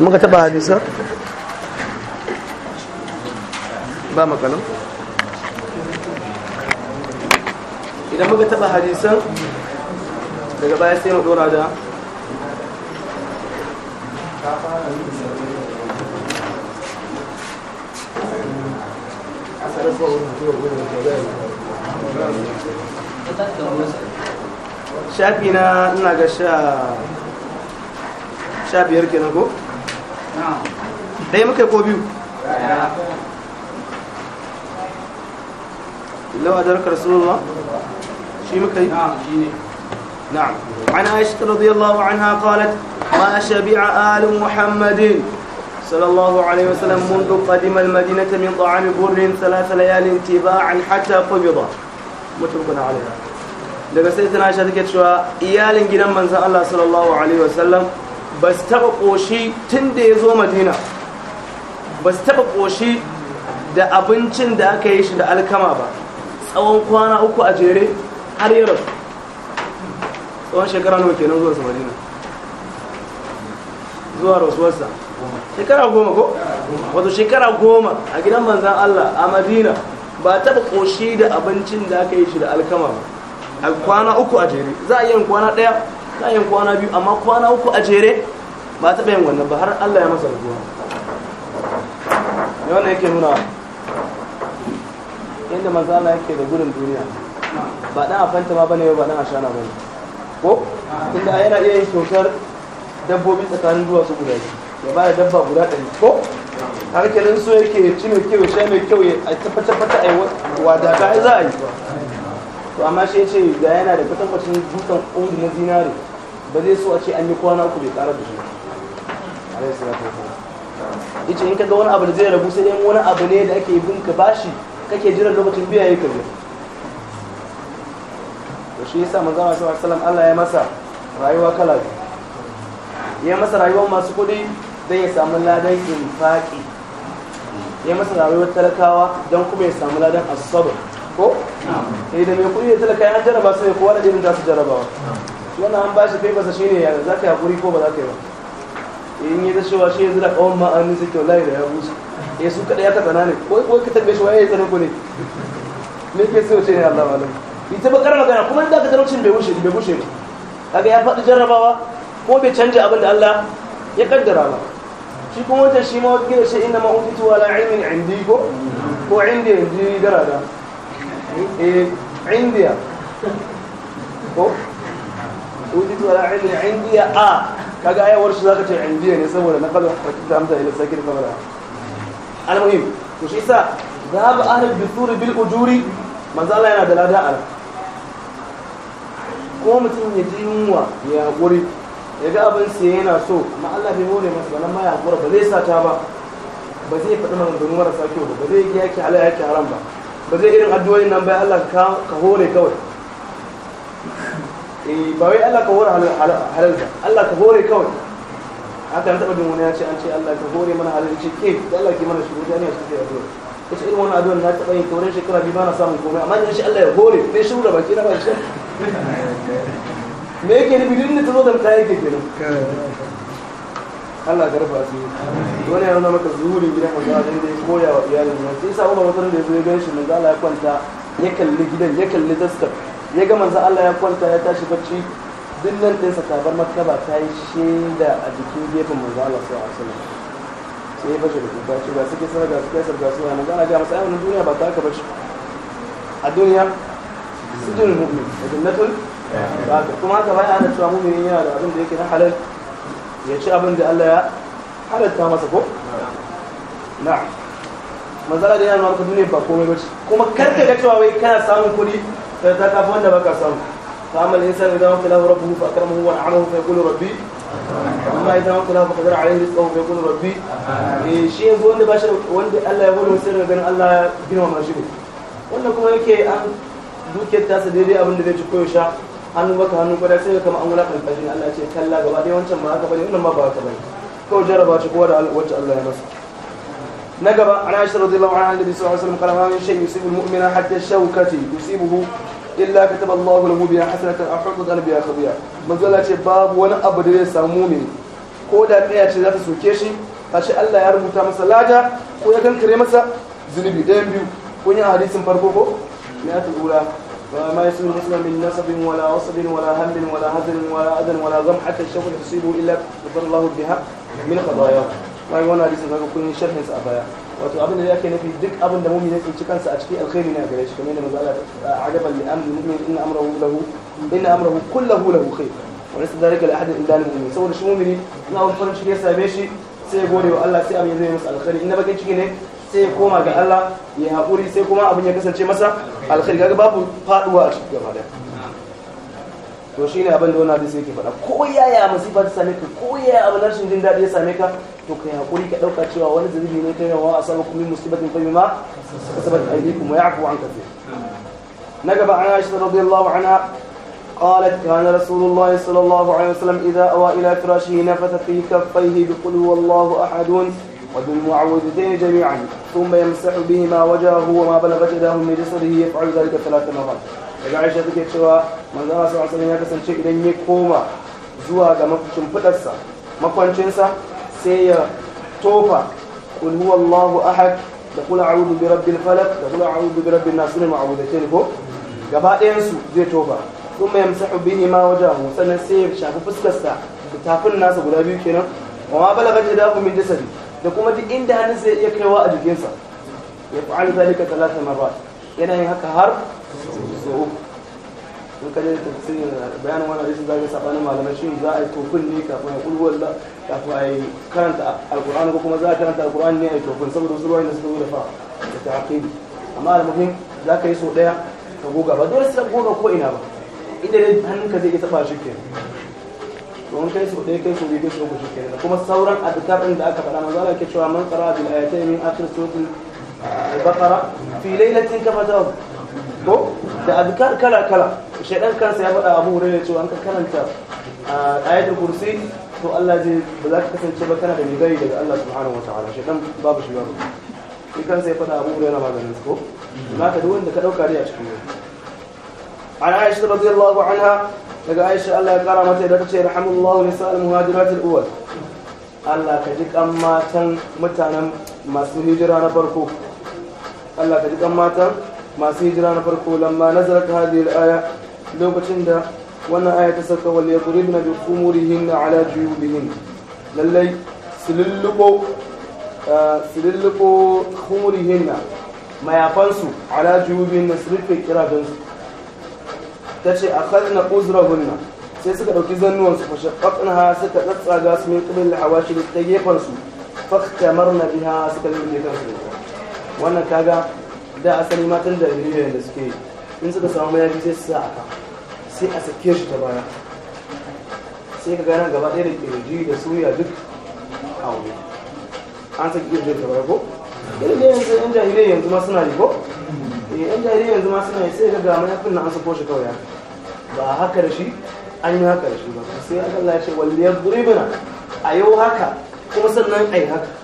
muka taba hadisa ba makalam idan muka taba hadisa daga baya sai mu dora da shafi na ina ga sha biyar kenan ko? dai كوبيو لو أدرك رسول الله شيء مكي نعم عن عائشة رضي الله عنها قالت ما شبع آل محمد صلى الله عليه وسلم منذ قدم المدينة من طعام بر ثلاث ليال تباعا حتى قبض متفق عليها daga sai tana shi إيال cewa iyalin gidan الله صلى الله عليه وسلم ba su taba koshi tun da ya zo madina ba su taba koshi da abincin da aka yi shi da alkama ba tsawon kwana uku a jere har yi rasu tsawon shekara nawa kenan zuwa su madina zuwa rasuwarsa shekara goma ko wato shekara goma a gidan manzan allah a madina ba taba koshi da abincin da aka yi shi da alkama ba a kwana uku a jere za a yi kwana ɗaya na yin kwana biyu amma kwana uku a jere ba ta yin wannan ba har allah ya masa rabuwa ne wannan yake nuna inda manzala yake da gudun duniya ba ɗan a fanta ma bane ba ɗan a shana bane ko inda yana iya yin kyautar dabbobi tsakanin duwatsu guda ya ba da dabba guda ɗari ko har kenan so yake ci mai kyau sha mai kyau a tabbatar fata a yi wadata za a yi to amma shi ce ga yana da kwatankwacin dutsen ƙungu na zinare ba zai so a ce an yi kwana uku bai ƙara da shi alaihi salatu wasalam ce in kaga wani abu da zai rabu sai dai wani abu ne da ake bin ka bashi kake jiran lokacin biya yi ne to shi yasa manzo Allah sallallahu alaihi Allah ya masa rayuwa kala ya masa rayuwar masu kuɗi don ya samu ladan infaqi ya masa rayuwar talakawa don kuma ya samu ladan asabar ko sai eh, da mai kuɗi ya talaka ya jarraba su ne kowa da irin za su jarrabawa wannan an bashi kai basa ne ya za ka yi hakuri ko ba za ka yi ba in yi da cewa shi yanzu da kawon ma an nisa kyau layi da ya busa ya eh, su kaɗa ya ka ne ko ko ka tambaye shi wa ya tsana ku ne me ke so ce ne Allah malam ita bakar magana kuma inda ka talaucin bai bushe bai bushe ba kaga ya faɗi jarrabawa ko bai canja abin da Allah ya kaddara ba shi kuma wancan shi ma wakilin shi inna ma'utitu wala ilmin indi ko ko indiya indi darada eh indiya ko wujidu a ilmi indiya a kaga ayawar shi zaka ce indiya ne saboda na kalmar ta amsa ila sakir kamar almuhim to shi yasa ذهب أهل الدثور بالأجور ما زال yana da lada ala ko mutum ya ji yunwa ya haƙuri ya ga abin sai yana so ma Allah bai hore masa nan ma ya haƙura ba zai sata ba ba zai faɗi maganganu marasa kyau ba ba zai yaki halal yaki haram ba ba zai irin addu'o'in nan bai Allah ka hore kawai eh ba wai Allah ka hore halal ba Allah ka hore kawai haka an taɓa jin wani ya ce an ce Allah ka hore mana halal ce ke da Allah ke mana shi jami'a ne su ke addu'a kace irin wani addu'a na taɓa yin kaurin shekara biyu ba na samun komai amma in Allah ya hore sai shi da baki na ba shi me yake nufi duk da tazo da mutane yake kenan Allah ya garfa su wani ya nuna maka zuhurin gidan manzo Allah da ya koya wa iyalin nan sai sa Umar wata da ya zo ya gan shi manzo Allah ya kwanta ya kalli gidan ya kalli taskar ya ga manzan Allah ya kwanta ya tashi bacci duk nan ɗinsa tabar martaba ta yi shaida a jikin gefen manzan Allah sai a asali sai ya fashe da kuka ce ba suke sanar da su kai sarga su yana gana ga masu ayyana duniya ba ta haka bace a duniya sujudul mu'min da jannatul ba kuma haka bai ana cewa mu'minin yana da abin da yake na halal ya ci abin da Allah ya halatta masa ko na'am manzala da yana nuna duniya ba komai bace kuma karka ga cewa wai kana samun kuɗi sai ta kafa wanda فأما الإنسان إذا ابتلاه ربه فأكرمه ونعمه فيقول ربي أما إذا ابتلاه فقدر عليه رزقه فيقول ربي شيء wanda sa daidai abin da zai ci koyo sha hannu baka hannu kwada an wulakan kalfajin ba haka bane kowa ya na gaba an aisha rabu zai lawan annabi sallallahu alaihi wasallam kalmar shay yusibu almu'mina hatta shawkati yusibuhu illa kataba Allahu lahu biha hasanatan aw hubbu qalbi akhbiya manzo Allah ce babu wani abu da zai samu mu ko da kaya ce za ta soke shi kashi Allah ya rubuta masa laja ko ya kankare masa zunubi dan biyu kun yi hadisin farko ko ya tura وما يسمى المسلم من نصب ولا وصب ولا هم ولا هزل ولا أذن ولا غم حتى الشوك تصيبه إلا قدر الله بها من قضاياه mai wannan hadisin kaga kun sharhin sa a baya wato abin da yake nufi duk abin da mumin ya tsinci kansa a cikin alkhairi ne a gare shi kamar yadda manzo Allah ajaban li amri mu'min inna amrahu lahu inna amrahu kullahu lahu khair wa laysa dhalika li ahadin illa lil mu'min saboda shi mu'mini in abin farin ciki ya same shi sai gode wa Allah sai abin ya zai masa alkhairi in na bakin ciki ne sai koma ga Allah ya haƙuri sai kuma abin ya kasance masa alkhairi kaga babu faduwa a cikin gaba daya to shine abin da wani hadisi yake faɗa ko yaya masifa ta same ka ko yaya abin rashin jin daɗi ya same ka to kai hakuri ka dauka cewa wani zubi ne ta yawa a sabon kuma musibatin fahimi ma kasabat aidikum wa ya'fu an kafir na gaba an aisha radiyallahu anha قالت كان رسول الله صلى الله عليه وسلم إذا أوى إلى فراشه نفث في كفيه بقل والله أحد وبالمعوذتين جميعا ثم يمسح بهما وجهه وما بلغت يداه من جسده يفعل ذلك ثلاث مرات daga aisha take cewa manzo Allah sallallahu alaihi ya kasance idan ya koma zuwa ga fudarsa makwancinsa sai ya tofa kul huwallahu ahad da kula a'udhu bi rabbil falaq da kula a'udhu bi rabbin nas sunan ko gaba ɗayansu zai tofa kuma yamsahu bihi ma wajahu sannan sai ya shafi fuskarsa da tafin nasa guda biyu kenan wa ma balagat yadahu min jasadi da kuma duk inda hannun zai iya kaiwa a jikinsa ya fa'al zalika talata marrat yana yin haka har sau uku in ka je tafsiri bayanin wannan hadisin zaka sabanin malamai shin za a yi tofin ne kafin a kullu walla kafin a yi karanta alqur'ani ko kuma za a karanta alqur'ani ne a yi tofin saboda wasu ruwayoyi da suka zo da fa da ta'aqib amma almuhim za ka yi sau daya ka goga ba dole sai goga ko ina ba inda dai hannunka zai iya taba shi kenan domin kai sau ɗaya kai sau biyu kai sau uku shi kenan kuma sauran adkar ɗin da aka faɗa manzo Allah ke cewa man qara bil ayatayn min akhir suratul البقرة في ليلة كفتاه da azkar kala kala shaidan kansa ya faɗa abu hurairah cewa an ka karanta ayatul kursi to Allah zai ba za ka kasance ba kana da nigari daga Allah subhanahu wa ta'ala shaidan babu shi babu shi kansa ya faɗa abu hurairah maganin ko za ka duk wanda ka dauka riya cikin yau عن عائشة رضي الله عنها daga aisha allah ya kara mata da ta ce rahamullahu nisa al-muhajiratul awwal allah ka ji kan matan mutanen masu hijira na farko allah ka ji kan matan masu hijira na farko lamma nazarat hadhihi hadiyar aya lokacin da wannan aya ta saka wal yadribna bi khumurihin ala juyubihin lallai sililluko eh, sililluko na mayafansu ala juyubihin na sirfe kiradansu ta ce a kalna uzrahunna sai suka ɗauki zannuwansu fa shaqqaqnaha suka tsatsaga su min qibl al-hawashi ta gefansu faktamar na biha suka lulluɓe kansu wannan kaga da asali matan jariri da suke in suka samu mayafi sai su sa a ka sai a sake shi ta baya sai ka gana gaba ɗaya da kirji da suya duk a wuri an saki kirji ta baya ko irin yanzu yan jahiliya yanzu ma suna yi ko yan eh, jahiliya yanzu ma suna yi sai ka ga mayafin na an sako shi kawai ba haka da shi an yi haka da shi ba sai Allah ya ce walliyar duribina a yau haka kuma sannan a yi haka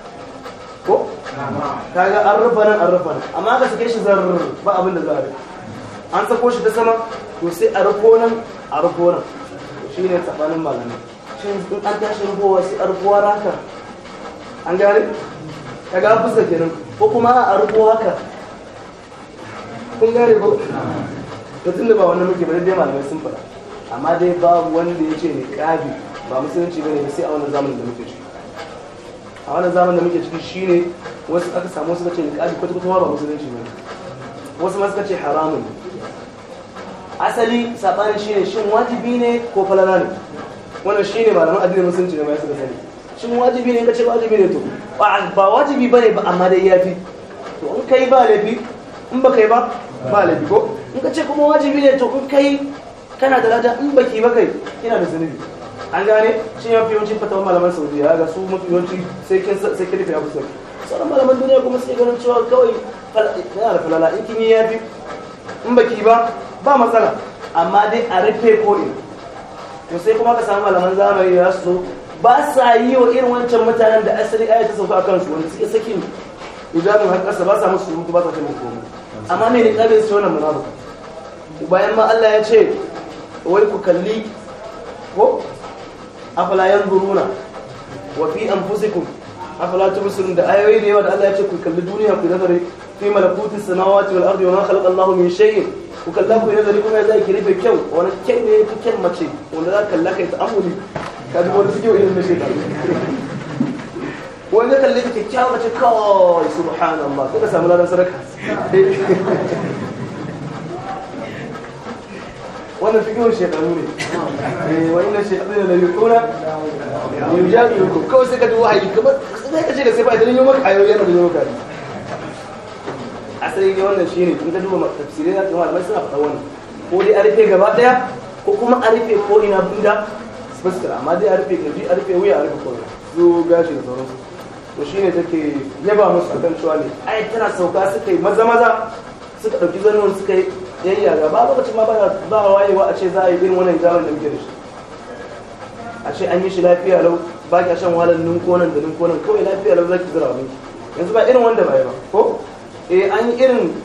kaga an rufa nan an rufa amma ka sake shi zar ba abin da za a an sako shi ta sama to sai a rufo nan a rufo nan shi ne tsakanin malamai shi in an tashi rufowa sai a rufo haka an gane ka ga fusa kenan ko kuma a rufo haka kun gane ko to tunda ba wannan muke bane dai malamai sun faɗa amma dai ba wanda ya ce ne kabi ba musulunci bane sai a wannan zamanin da muke ciki a wannan zamanin da muke ciki shine wasu aka samu wasu ce niqabi kwata kwata ba musulunci bane wasu ma suka ce haramun asali sabanin shine shin wajibi ne ko falala ne wannan shine malaman addinin musulunci ne ma suka sani shin wajibi ne kace wajibi ne to ba wajibi bane ba amma dai yafi to in kai ba laifi in ba kai ba ba laifi ko in kace kuma wajibi ne to in kai kana da lada in baki ba kai kina da zunubi an gane shi ya fi yawancin fatawar malaman saudiya ga su mafi yawanci sai kin rufe abu sauki sauran malaman duniya kuma sai ganin cewa kawai yana eh, da falala in kin yi ya fi in baki ba ba matsala amma dai a rufe ko'in to sai kuma ka samu malaman zamani ya su zo ba sa yi wa irin wancan mutanen da asali ayata sauka a kansu wanda suke sakin hijabin har kasa ba sa musu surutu ba sa ta muku amma mai niƙabin su wannan munafuka bayan ma Allah ya ce wai ku kalli ko afala yanzuruna wa fi anfusikum afala tubsirun da ayoyi da yawa da Allah ya ce ku kalli duniya ku nazari fi malakutis samawati wal ardi wa ma khalaqa Allahu min shay'in ku kalla ku nazari kuma za ki rufe kyau wani kyau ne yake kyan mace wanda za ka kalla kai ta'amuli ka ji wani fikiyo irin na shaytan wani kalli ka kyakkyawa mace kawai subhanallah sai ka samu ladan sadaka wannan fikihun shekaru ne eh, wa inna shekaru na yuquna yujadilukum kawai sai ka duwa ayi kamar sai ka ce da sai ba idan maka ayoyi yana da yau ka asali ne wannan ne in ka duba tafsirai na kamar mai suna faɗa wani. ko dai a rufe gaba daya ko kuma a rufe ko ina bunda fuskar amma dai a rufe gaji a rufe wuya a rufe kawai zo gashi da sauransu to shine take yaba musu akan cewa ne ai tana sauka suka yi maza maza suka ɗauki zanuwar suka yi yayya ga ba lokacin ma ba a wayewa a ce za a yi irin wannan jamin da muke da shi a ce an yi shi lafiya lau ba kya shan wahalar ninkonan da ninkonan kawai lafiya lau za ki zira wani yanzu ba irin wanda ba yi ba ko eh an yi irin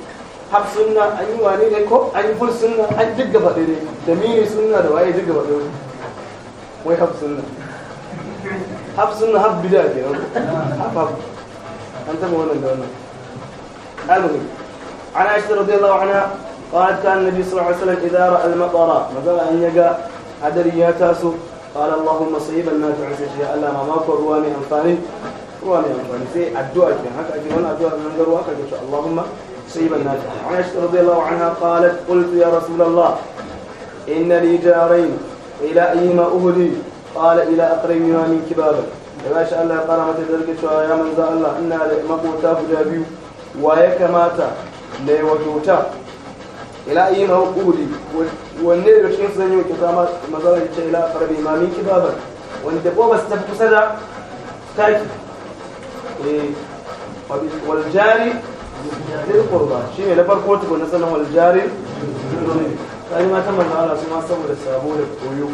haf sunna an yi wane ne ko an yi full sunna an duk gaba ne da mini sunna da waye duk gaba ɗaya wai haf sunna haf sunna haf bida ke nan haf haf an taɓa wannan da wannan shi an aisha radiyallahu ana قال كان النبي صلى الله عليه وسلم إذا رأى المطر ماذا أن يقع عدري يا تاسو قال اللهم صيبا ما تعز شيئا ألا ما ماكو رواني أنفاني رواني أنفاني في الدعاء هكا أجي وانا الدعاء من قروا هكا اللهم صيبا ما تعز عائشة رضي الله عنها قالت قلت يا رسول الله إن لي جارين إلى أيما أهدي قال إلى ما من كبابك ya شاء الله ya fara mata zargi cewa ya manzo Allah ina da makota guda biyu ila ayi na hukuri wanne da cikin sun yi kita mazalar ce ila farbe ma min kibabar wanda ko ba su tafi kusa da taki eh, waljari zai kurba shi ne na farko tukun na sanin waljari tsari mata manzala su ma saboda sabo da koyo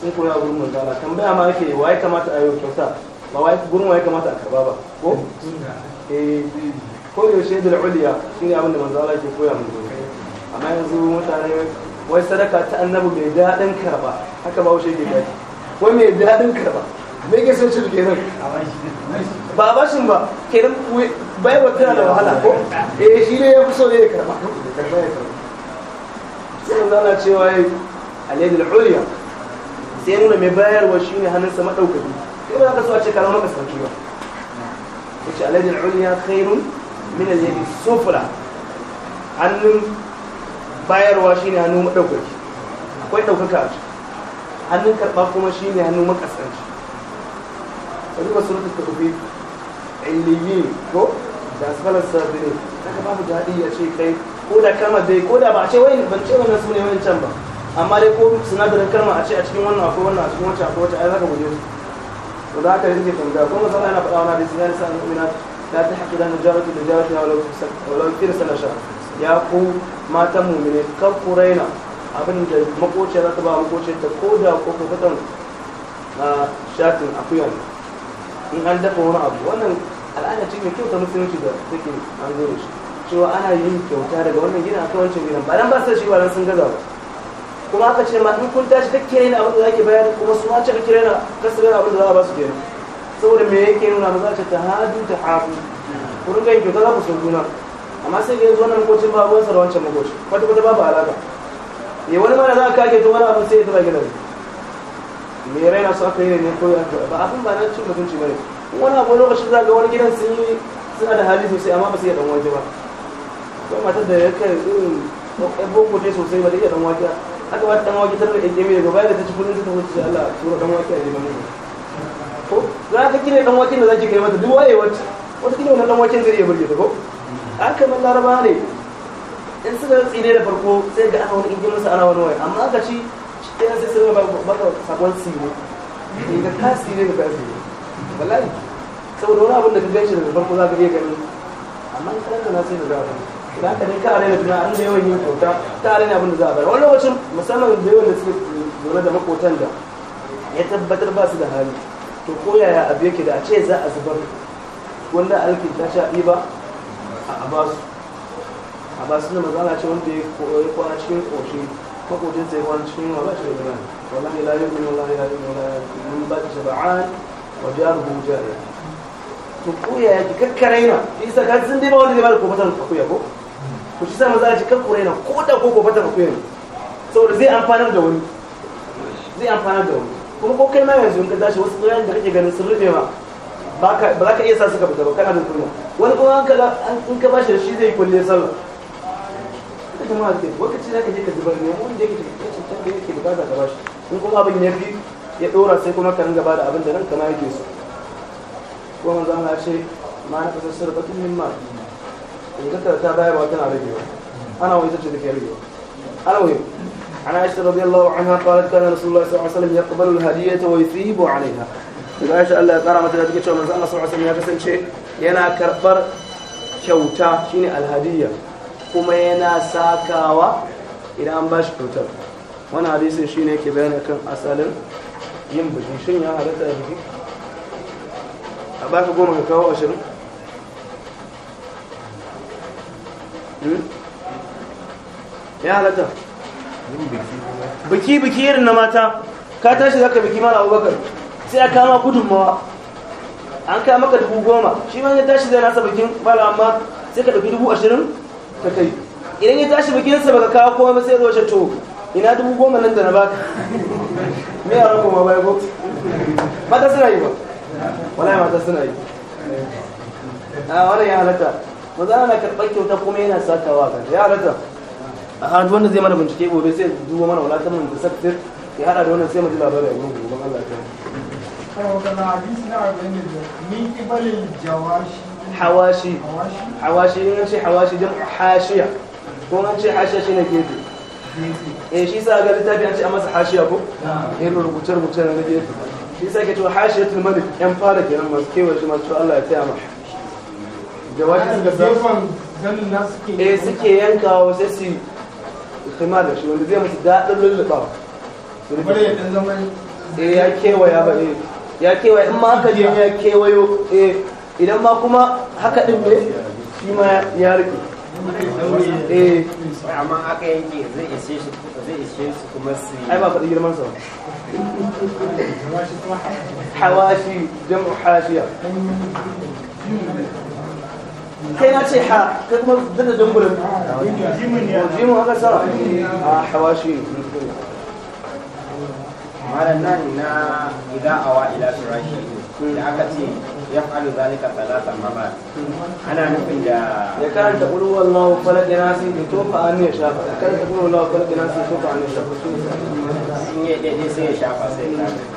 sun koya gurin manzala tambaya ma ake waye kamata a yi kyauta ba wa gurin wa ya kamata a karba ba ko? Eh, ko yaushe da uliya shi ne abin da manzala ke koya mu amma yanzu mutane wai sadaka ta annabi mai daɗin karba haka ba wuce ke daɗi wai mai daɗin karba me ke son shirke kenan ba bashin ba kenan bai wa tana da wahala ko eh shi ne ya fi so ne ya karba sai zana cewa yi alayyar uliya sai nuna mai bayarwa shi ne hannunsa maɗaukaki sai ba za ka so a ce karamin maka sarki ba ya ce alayyar uliya khairun min alayyar sufura hannun bayarwa shine hannu madaukaki akwai daukaka a ciki hannun karɓa kuma shine hannu makasanci ka ba surutu ka rufe ilimi ko da asfalar sabirin ka babu daɗi a ce kai ko da kalmar dai ko da ba a ce wai ban ce wannan su ne can ba amma dai ko sinadarin kalma a ce a cikin wannan akwai wannan a cikin wancan akwai wancan ai zaka guje su to da haka yake tambaya ko maza yana faɗa wani hadisi ya ta ta umina la tahqiranna da li jaratiha walau fi sana sha'a ya ku matan mummune kan ku raina abin da makociya za ta ba makociya ta ko da ko fitan a ah, shatin akuyan in an dafa wani abu wannan al'ada ce mai kyau ta musulunci da take an zo shi cewa ana yin kyauta daga wannan gina a kawancin gina ba dan ba su shi ba sun gaza ba kuma aka ce ma in kun tashi kake ne abin da zaki bayar kuma su ma ce kake raina kasu raina abin da za a ba su kenan saboda me yake nuna maza ce ta hadu ta hafu ku ga yin kyauta za ku so gina amma sai ga yanzu wannan kocin ba ruwansa da wancan makoci kwata kwata babu alaka ya eh, wani mana za ka kage to wani abu sai ya tura gidan me raina su aka yi ne ko ya ba abin ba na cin mutunci bane wani abu lokacin za ga wani gidan sun yi suna da hali sosai amma ba su iya dan waje ba ko matar da ya kai irin boko ta sosai ba da iya dan waje aka wata dan waje tare da ƙeme daga baya da ta ci kudin ta wuce Allah tura dan waje a neman mu ko za ka kire dan waje da zaki kai mata duk waye wata wata kire wannan dan waje zai iya burge ta ko aka man laraba ne in suka tsine da farko sai ga aka wani injin musu ana wani waya amma aka ci ɗaya sai sai ba baka sabon siro ne ga eh, ka sire ga ka sire wallahi saboda wani abin da ka gaishe daga farko za ka iya ganin amma in kana na sai da za ka Idan ka dai ka da juna an da yawan yin kyauta ta arena abin da za a bayar wani lokacin musamman da yawan da suke zaune da makotan da ya tabbatar ba su da hali to ko yaya abu yake da a ce za a zubar wanda alkin ta sha ba a ba su a ba su zama zana ce wanda ya kwana cikin ƙoshi makotin sai kwana cikin wa ba shi da gani wallahi la yi minu la yi minu la yi minu ba ta shaba'an wa jihar hu jari to kuya ya ji kakkare na isa ka sun dai ba wanda zai ba da kofatar akuya ko ku shi sa maza ji kakkure na ko da ko kofatar akuya ne saboda zai amfanar da wani zai amfanar da wani kuma ko kai ma yanzu in ka tashi wasu tsoron da kake ganin sun rufe ma ba za ka iya sa suka fita ba kana da wani kuma in ka bashi da shi zai kulle sallah ka ji ma ke lokaci za ka je ka zubar ne wanda yake da cutar da yake bukata ka bashi in kuma abin ya fi ya dora sai kuma ka ringa bada abin da ranka ma yake so ko manzo Allah ya ce ma na kasar sarbatun min ma idan eh, ka ta bayarwa tana ragewa ana wani tace da ke ragewa ana wani عن عائشة رضي الله عنها قالت كان رسول الله صلى الله عليه وسلم يقبل الهدية ويثيب عليها ما شاء الله قرأ مثلا تقول شو من الله سبحانه وتعالى كسن شيء ينا كربر كوتا شيني الهدية كما ينا ساكاوا إلى أن باش كوتا وانا حديث شيني كبيرنا كم أسأل ينبجي شيني هذا تأذيك أباك قوم كاوا أشل يا هذا تأذيك بكي بكير نماتا كاتاشي ذاك بكي مال أبو بكر sai ya kama gudunmawa an kai maka dubu goma shi ma ya tashi zai nasa bikin bala amma sai ka ɗauki dubu ashirin ka kai idan ya tashi bikinsa baka kawo komai sai ya zo to ina dubu goma nan da na baka me yaran kuma bai ko mata suna yi ba wallahi mata suna yi a ah, wannan ya halatta maza na karɓar kyauta kuma yana sakawa ga ya halatta a ah, hadu wanda zai mana bincike gobe sai duba mana wala ta mun da saktir ya hada da wannan sai mu ji labarai a gurin gobe Allah ya حواشي حواشي إيه حواشي حواشي جمع حاشية كونان شي حاشية شي نجيب إيش إيسا قال تابع شي أمس حاشية أبو نعم. هيرو إيه بوتر بوتر نجيب إيسا كتو حاشية الملك إم فارق يا أمس كي وش ما شاء الله تعمل جواشي زمان زل الناس كي إيه سكي ينكا وسسي الخمارة شو اللي بيعمل دا اللي طاف ولا يتنزل إيه أكيد ويا بقى إيه ya kewaye in ma haka ne ya kewayo eh, idan ma kuma haka din ne shi ma ya rike eh amma aka yanke zai ishe shi zai ishe su kuma su ai ba kudi girman sa hawashi jam'u hashiya kai na ce ha kai kuma zai da jamburin jimin haka sa a ah, hawashi malam nan na idza awa ila firashi da aka ce ya fa'alu zalika salasa mara ana nufin da ya karanta qul huwallahu falaq da nasi da tofa an ya shafa karanta qul huwallahu falaq da nasi tofa an ya shafa sun yi daidai sai ya shafa sai ya